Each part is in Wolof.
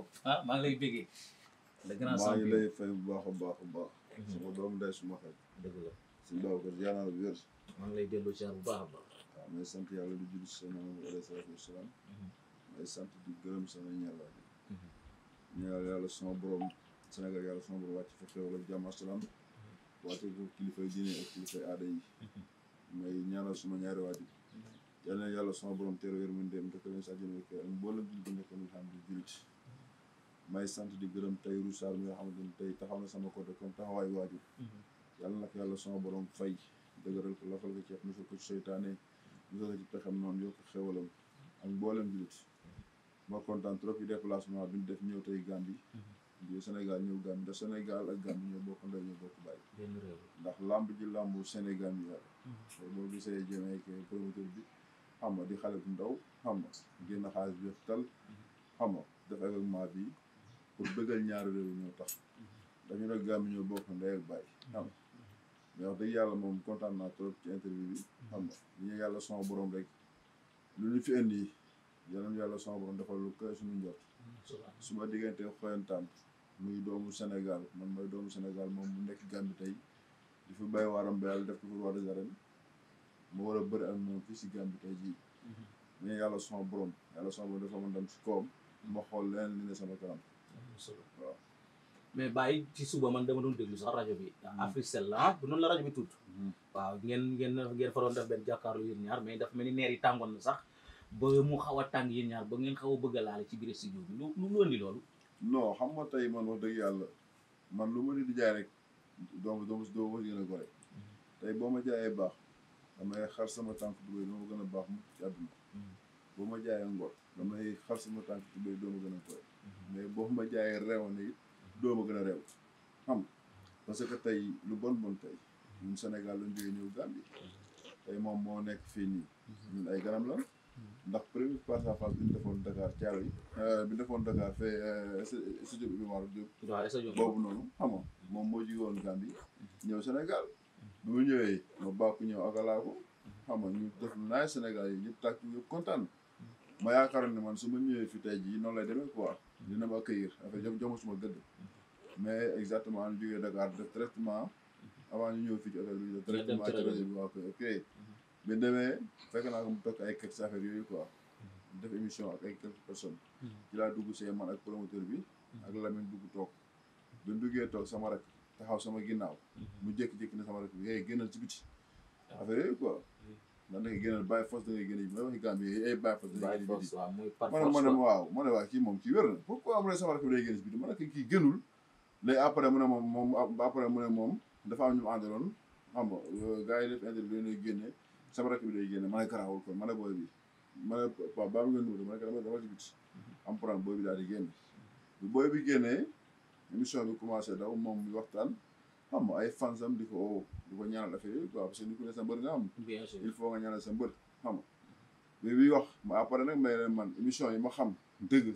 ko ah maa ngi lay ngi lay fay bu baax a baax a baax mhm. suma doom day suma xel si baaw ko yàlla na wér maa ngi baax a baax waaw sant yàlla di julli seen alayhi salaatu mhm. sant di gërëm sama ñàlla bi mhm. ñaar yàlla sama borom Sénégal yàlla sama borom wàcc fa xewal ak jàmm asalaam wàcce ko kilifay diine ak kilifay aada yi may ñaanal suma ñaari waajur yal na yàlla sama borom teeru yërmandeem dëkk leen sa jëme ak mboolem jullit di jullit may sant di gërëm tey Roussard mi nga xamante ni tey taxaw na sama côté comme taxawaayu waajur mhm. yàlla na ko yàlla sama borom fay dëgëral ko lafal ko ci seytaane musal ko ci pexam noonu yokk xewalam ak mboolem kontaan trop ci déplacement bi def ñëw tey Gambie ñëw mhm. Sénégal ñëw Gambie ndax Sénégal ak Gambie ñoo bokk ndaw ñoo ndax lamb ji lambu Sénégal bi yàlla mhm. boo gisee jëmeeke promoteur bi xam na di xale bu ndaw xam nga génn xaalis bi tal xam nga def bi pour bëggal ñaari réew ñoo tax dañu nag gàmm ñoo bokk ndey ak bàyyi mais wax dëgg yàlla moom kontaan naa trop ci interview bi xam nga ñu yàlla sama borom rek lu fi indi yàlla yàlla sama borom defal lu koy suñu suma diggante xoyantaan muy doomu Sénégal man mooy doomu Sénégal moom mu nekk Gambie tey di fi bàyyi waaram ba yàlla def ko fi roi des arènes moo war a bëri moom fii si Gambie tey jii mhm. yàlla sama borom yàlla sama borom dafa ma dem si kawam ma xool leneen li ne sama kanam solo mais bàyyi ci suba man dama doon déglu sax rajo bi hmm. Afrique sell la ah, bu noonu la rajo bi tuut hmm. waaw ngeen ngeen ngeen fa doon def benn jàkkaarloo yéen ñaar mais dafa mel ni neer yi tàngoon na sax ba mu xaw a tàng yéen ñaar ba ngeen xaw a bëgg a laale ci biir studio bi lu lu andi loolu non xam nga tey man wax dëgg yàlla man lu ma di jaay rek doom doom si doo wax gën a hmm. boo ma jaayee baax damay xar ma a baax mu ci àdduna boo ma jaayee ngor damay xar sama tànk tubéy doo ma gën a gore mais boobu ma jaayee réewoon it doo ma gën a réew xam parce que tey lu bon bon tey ñun Sénégal lañ jógee ñëw moom moo nekk fii nii ay ganam la ndax premier face à defoon Dakar Thiaro yi euh, bi defoon Dakar fee euh, studio bi Iba Mar Diop noonu xam moom moo jógee woon ñëw senegal bu mu ñëwee ma bàkku ñëw akalaa ko xam ñu def naay senegal yi ñëpp tàkk ñëpp kontaan ma yaakaaroon ne man su ma ñëwee fi tey jii noonu lay demee quoi dina ma accueillir affaire jom jom suma gëdd mais exactement ñu jógee Dakar def traitement avant ñu ñëw fii ci affaire bi def traitement ci rajo bi waa mm-hmm. mu toog ay quelques affaires yooyu quoi def émission ak ay quelques personnes mm-hmm. ci ak promoteur bi mm-hmm. ak Lamine dugg toog duñ duggee toog sama rek taxaw sama ginnaaw mu jékki-jékki na sama rek bi hey génnal ci biti ah. affaire yooyu quoi ndax da ngay gën a bàyyi fos da ngay gën a yib wax Gambie ay bàyyi fos bàyyi fos waaw muy par force ma ne waaw ma ne waaw kii moom kii wér na pourquoi am na sama rakk bi day gën si biti ma ne kii gënul léegi après mu ne moom moom après mu ne moom dafa am ñu àndaloon xam nga euh, gars yi def interview ne génne sama rakk bi day génne ma ne garaawul kon ma ne booy bi ma ne waaw baa mu ngeen nuyu ma ne dama dama ci biti am problème booy bi daal di génne bu booy bi génnee émission bi commencé daw moom mi waxtaan xam nga ay fansam di ko oh, di ko ñaanal affaire yooyu quoi parce que ni ne sa mbër nga am. bien sûr il faut nga ñaanal sa mbër xam nga. bi wax ma après nag may man émission yi ma xam dëgg.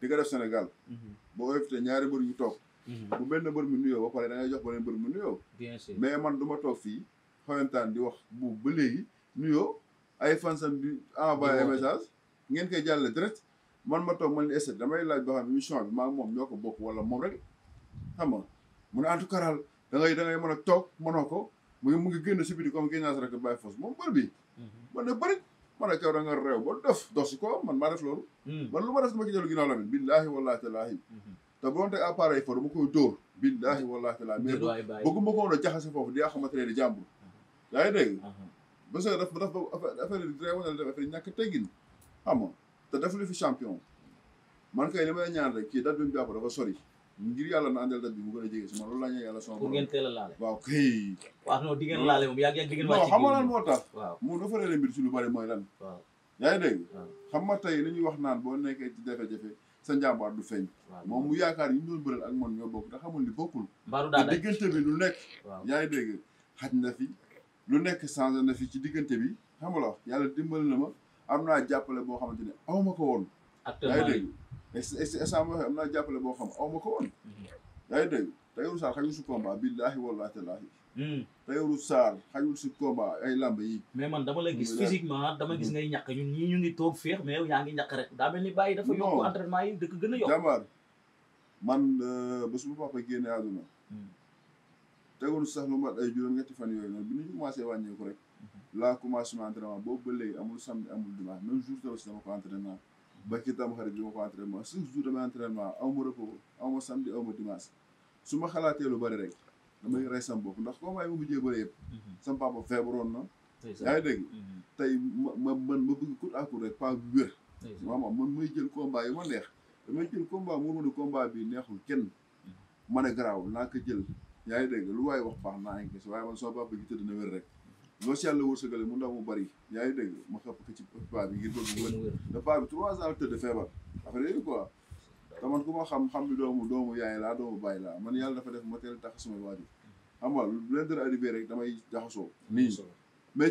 di ko def Sénégal. Mhm. boo invité ñaari mbër ñu toog. Mhm. bu benn mbër mu nuyoo ba pare da ngay jox beneen mbër mu nuyoo. bien sûr mais man du ma toog fii xoyantaan di wax bu ba léegi nuyoo ay fansam di envoyé message ngeen koy jàllale direct man ma toog man ni essai damay laaj ba xam émission bi maa moom ñoo ko bokk wala moom rek xam nga mu ne da ngay da ngay mën a toog mënoo ko mu ngi mu ngi génn si biti comme génn naa si rek bàyyi foos moom mbër bi mhm. ma ne bëri man a kaw da ba def dox ko man maa def loolu mhm. man lu ma def dama ci dellu ginnaaw la mit billaahi wallaahi tallaahi mhm. te bu doon teg appareil fo dama koy dóor billaahi wallaahi tallaahi mais bëggu ma ko woon a jaxase foofu di nga xamante ne di jàmbur yaa ngi dégg ba sa daf daf affaire yi réew na la def affaire yi ñàkk teggin xam nga te def li fi champion man ngir yàlla na àndal dat bi mu gën a jege su ma loolu laa ñaan yàlla sama bu ngeen teel a laale waaw kay waaw non di ngeen laale moom yàgg yàgg di ngeen wàcc non xam nga lan moo tax waaw mu dafa réere mbir ci lu bari mooy lan waaw yaa ngi dégg xam nga tey li ñuy wax naan boo nekkee ci jafe-jafe sa njàmbaar du feeñ moom mu yaakaar yi ñu doon bëral ak man ñoo bokk te xamul li bokkul mbaaru daal diggante bi lu nekk yaa ngi dégg xaj na fi lu nekk changé na fi ci diggante bi xam nga la yàlla dimbal na ma am naa jàppale boo xamante ne aw ma ko woon yaa ngi dégg mais si instant boo am naa jàppale boo xam aw ma ko woon. Mm-hmm. yaa ngi dégg Tahirou Sarr xajul si combat billaahi wallaahi tallaahi. Mm. Tahirou Sarr xajul si combat ay lamb yi. mais man dama la gis physiquement dama gis mm-hmm. ngay ñàkk ñun ñii ñu ngi toog feex mais yow yaa ngi ñàkk rek daa mel ni bàyyi dafa yokk entraînement yi dëkk gën a yokk. jàmbaar euh, ba suma papa génne àdduna. Mm. sax lu ay juróom-ñetti fan yooyu noonu bi ñu commencé wàññeeku rek. Mm-hmm. laa commencé entraînement boobu ba léegi amul samedi amul dimanche même jour tamit dama ko entraînement. ba ci tam xarit bi ma ko entraînement six jours damay entraînement aw ma repos aw ma samedi aw ma su ma xalaatee lu bëri rek damay rey sam bopp ndax combat yi ma mujjee bëri yëpp mhm. sam papa feebaroon na yaa ngi dégg mhm. tey ma man ma bëgg coup à coup rek pas wér maanaam man may jël combat yi ma neex damay jël combat mu ne combat bi neexul kenn mhm. man a garaaw naa ko jël yaa ngi dégg lu waaye wax baax ngi gis waaye man soo baa bëgg tëdd wér rek loo si yàlla wërsëgale mu ndaw mu bari yaa ngi dégg ma xëpp ko ci paa bi ngir bëgg mu wër da paa bi trois ans tëdd feebar affaire yi quoi te man xam xam bi doomu doomu yaay laa doomu bàyyi laa man yàlla dafa def ma teel tax sumay waajur xam nga lu leen dara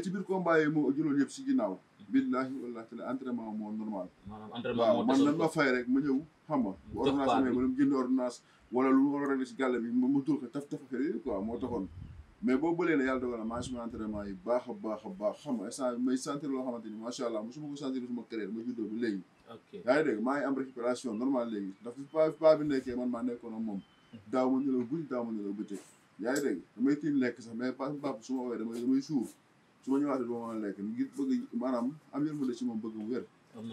ci biir combat yi moo yëpp si ginnaaw billaahi wallaahi taala entraînement moo normal waaw man nan ma fay rek ma ñëw xam nga ordonnance amee ma dem jënd ordonnance wala lu ma war a rek si gàlle bi ma dul ko yi quoi moo taxoon mais boo bëlee ne yàlla dogal na maa suma entraînement yi baax a baax a baax xam nga instant may sentir loo xamante ni allah mosuma suma carrière ma juddoo bi léegi yaa ngi dégg moom daaw ma nelaw guddi daaw ma nelaw bëccëg damay tiim lekk sax mais pas pap su ma woowee damay damay suuf su ma ñëwaatee duma a lekk ngir bëgg maanaam am yërmande ci moom bëgg mu wér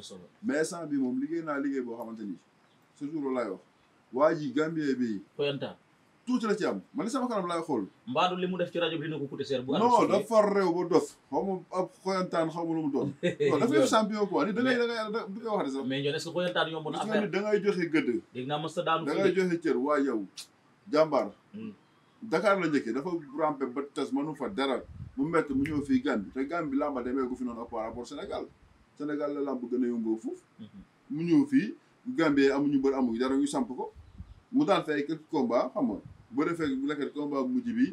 solo mais instant bi moom liggéey naa liggéey boo xamante ni toujours loolu laay wax waa Gambie bi Koyanta tuuti la ci am man li sama kanam laay xool. mbaadu li mu def ci rajo bi dina ko coûté cher. bu non dafa réew ba dof xaw ma ab xoyantaan xaw ma lu mu doon. non dafa yëf champion quoi ni da ngay da ngay da ngay wax sax. mais ñoo est-ce que xoyantaan yomb na affaire da joxe gëdd. dégg a daanu da ngay joxe cër waa yow jàmbaar. Hmm. la njëkkee dafa rampé ba tas mënu fa dara mu métti mu ñëw fii Gambie te Gambie lamba demee ko fi noonu par rapport Sénégal Sénégal la lamb gën a yomboo fuuf. Hmm. mu ñëw fii Gambie amuñu mbër amuñu dara ñu samp ko mu daan fi ay quelques combats xam nga bëre mu bu nekkee combat mujj bi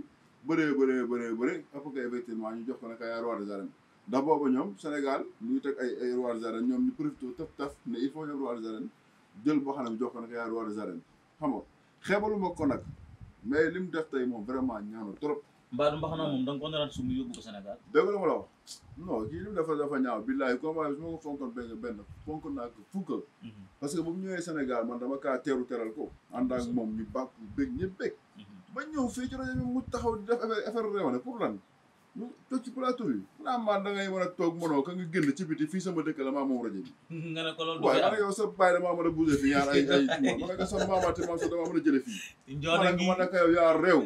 bëree bëree bëree bëri ëpp ñu jox ko nag ay roi des arènes ndax ñoom Sénégal mu ngi teg ay ay roi des arènes ñoom ñu profité taf taf ne il faut ñoom roi des jël boo xam ne jox ko nag ay roi des arènes xam nga ko nag mais li mu def tey moom vraiment ñaanu trop. mbaa du mbaxana moom da nga ko naraat suñu yóbbu ko Sénégal. dégg nga lu la wax. non kii li mu dafa dafa ñaaw billaay combat bi su ma ko fonkoon benn benn fonk naa ko fukk. Mhm. parce que bu mu ñëwee Sénégal man dama kaa teeru teral ko. ànd ak moom ñu bàkk bég ñëpp bég. Mhm. ba ñëw fii ci rajo bi mu taxaw di def affaire affaire réew pour lan. toog ci plateau yi vraiment da ngay war a toog mënoo ka nga génn ci biti fii sama dëkk la maa moom rajo bi waaye ma ne yow sa bàyyi damaa mën a bougé fii ñaar ay a ma ne ko sa maamaati maam sax damaa mën a jële fii ma ne ma ne ko yow yaa réew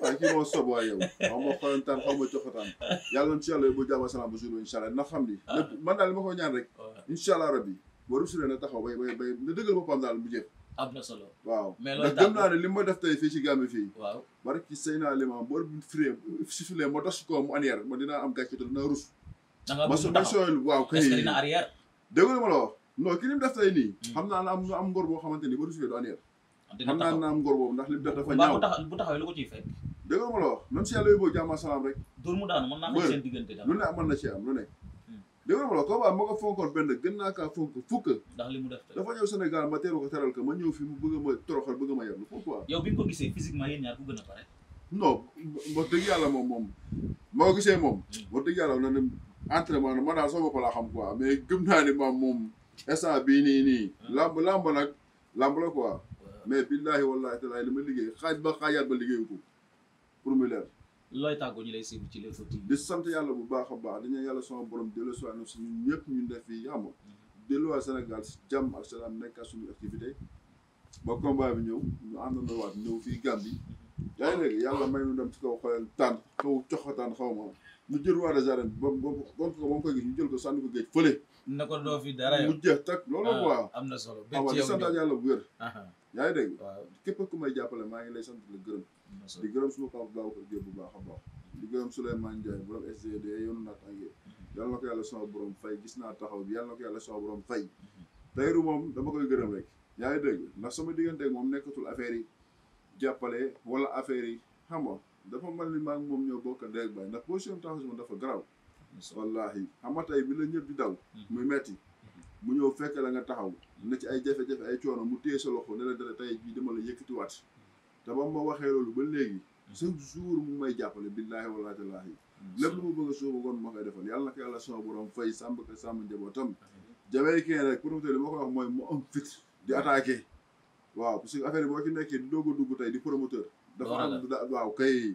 waaye kii moo sob waay yow xaw ma xoyantaan xaw ma coxataan yàlla ci yàlla bu jàmm salaam bu jour incha allah na xam ni ah. man daal li ma koy ñaan rek incha allah waru su na taxaw bay bay na dëggal boppam daal mu jëf am solo. waaw mais loolu gëm naa ne li ma def tey fii ci Gambie fii. waaw barki sëy naa limaam boo firee sifile ma tas ko mu arrière ma dinaa que dina arrière. dégg nga li ma la wax non ki li hmm. naa ne am na am ngor boo xamante ni ba du sufee du arrière. Ah, naa na am ngor boobu ndax li mu def dafa ñaaw waaw bu taxawee lu ko ciy fekk. dégg nga si yàlla yóbboo jàmm ak salaam rek. dóor mu am seen na ci am lu ne dégg ma la Koba ma ko fonkoon benn gën naa kaa fonk fukk. def tey dafa ñëw Sénégal ma teeru ko teral ko ma ñëw fi mu bëgg ma toroxal bëgg ma yàlla pourquoi. yow bi nga dëgg yàlla moom moom ma ko gisee moom. wax dëgg yàlla na ne entraînement man daal sama xam quoi mais gëm naa ni maam moom instant bii nii nii. làmb làmb nag làmb la quoi. mais billaahi wallaahi taalaa li ma liggéey xaaj ba xaajaat ba liggéeyu ko pour mu leer. looy tàggoo ñu lay séntu ci sant yàlla bu baax a baax dañu yàlla sama borom delloo su waat suñu ñëpp ñu def fii yàlla moom. Mm-hmm. delloo Sénégal si jàmm ak salaam nekk suñu activité ba combat bi ñëw ñu am àndandoo waat ñëw fii Gambie. Mm-hmm. yaa ngi dégg yàlla may nu dem ci kaw xoolal tànn kaw coxataan xaw ma ñu jël waa des arènes ba ba ba gis ñu jël ko sànni ko géej fële. na ko doo fi dara yow mu jeex ah, am na solo. Ah, benn ci yow yàlla bu wér. yaa ngi dégg. waaw képp ku may jàppale maa ngi lay sant la gërëm di gërëm suñu kaw Babacar bu baax a baax di gërëm Souleymane Ndiaye borom SDD yoonu naat ange yàlla na ko yàlla sama borom fay gis naa taxaw bi yàlla na ko fay tayru moom dama koy gërëm rek yaa ngi dégg ndax sama diggante moom nekkatul affaire yi jàppale wala affaire yi xam nga dafa mel ni maa moom ñoo bokk ndey ak baay ndax position taxaw moom dafa garaw wallahi xam nga bi la ñëpp di daw hmm. muy metti mu ñëw fekk la nga taxaw hmm. ne ci ay jafe-jafe ay coono mu téye sa loxo ne la dara tey jii dama la yëkkatiwaat te ba ma waxee loolu ba léegi hmm. chaque jour mu may jàppale billaahi wallaahi tallaahi hmm. lépp lu ma bëgg a suuba kon ma koy defal yàlla na ko yàlla sama borom fay sàmm ka sàmm njabootam jamaïcain rek promoteur li ma koy wax mooy mu am di hmm. attaqué waaw parce que affaire bi boo ci nekkee di doog dugg tey di promoteur dafa am waaw kay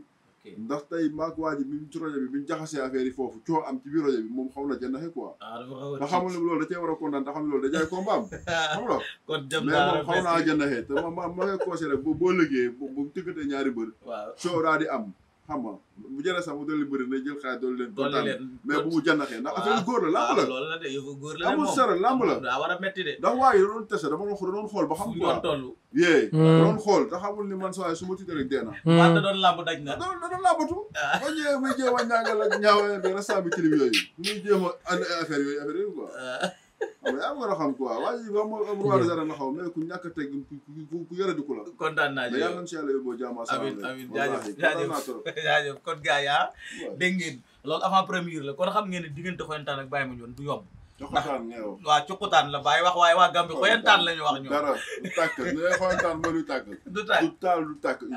ndax tey maak waa ji bi ñu bi bi jaxasee affaire yi foofu coo am ci biir rajo bi moom xaw na jëndaxe quoi ah, nga xamul ne loolu da cee war a kontaan te xam loolu da jaay combat am xam nga kon moom xaw naa jëndaxee te ma ma ma koy conseillé rek boo boo liggéey bu tëggatee ñaari bër coo daa di am xam nga bu jëlee sax mu dolli bëri na jël xaalis dolli leen mais bu mu jànnaxee ndax affaire góor la lamb la loolu la de la amul a waaye doon tese dama wax doon xool ba xam quoi toll yéey hmm. doon xool te xamul ni man saa su ma tiitee rek hmm. doon lamb daj na doon lambatu ah. ba ñëwee muy jéem a ñaangal ak ñaawee bi rasta bi tilim yooyu a yaa war a xam quoi waa ji moom am roi des arènes la xaw mais ku ñàkk a teggin ku ku yore la kontaan naa mais yàlla na si yàlla yóbboo jaamu amiin amiin jaajëf jaajëf yaa ah, dégg ngeen loolu avant première la kon xam ngeen ne diggante xoyantaan ak bàyyi ma ñoon du yomb coxutaan neew waaw la bàyyi wax waaye waa Gambie xoyantaan la wax ñoom dara du tàkk ne xoyantaan ma du tàkk du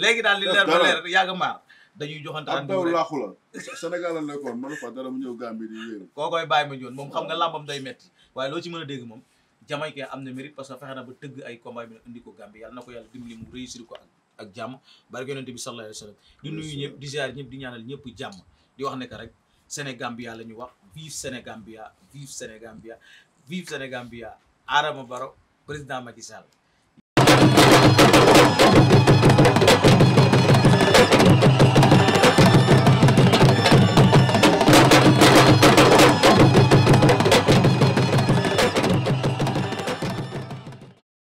léegi daal li leer ba leer yàgg maar dañuy joxante ak daw laaxu la Sénégal la nekkoon man fa dara mu ñëw Gambie di yéen koo koy bàyyi ma ñoon moom xam nga làmbam day metti waaye loo ci mën a dégg moom jamaykee am na mérite parce que fexe na ba tëgg ay combat bi ne indi ko Gambie yàlla na ko yàlla dimbali mu réussir ko ak ak jàmm barke yonent bi sallallahu alayhi di nuyu ñëpp di ziar ñëpp di ñaanal ñëpp jàmm di wax nekk rek Sénégambia la ñu wax vive Sénégambia vive Sénégambia vive Sénégambia Adama Barrow président Macky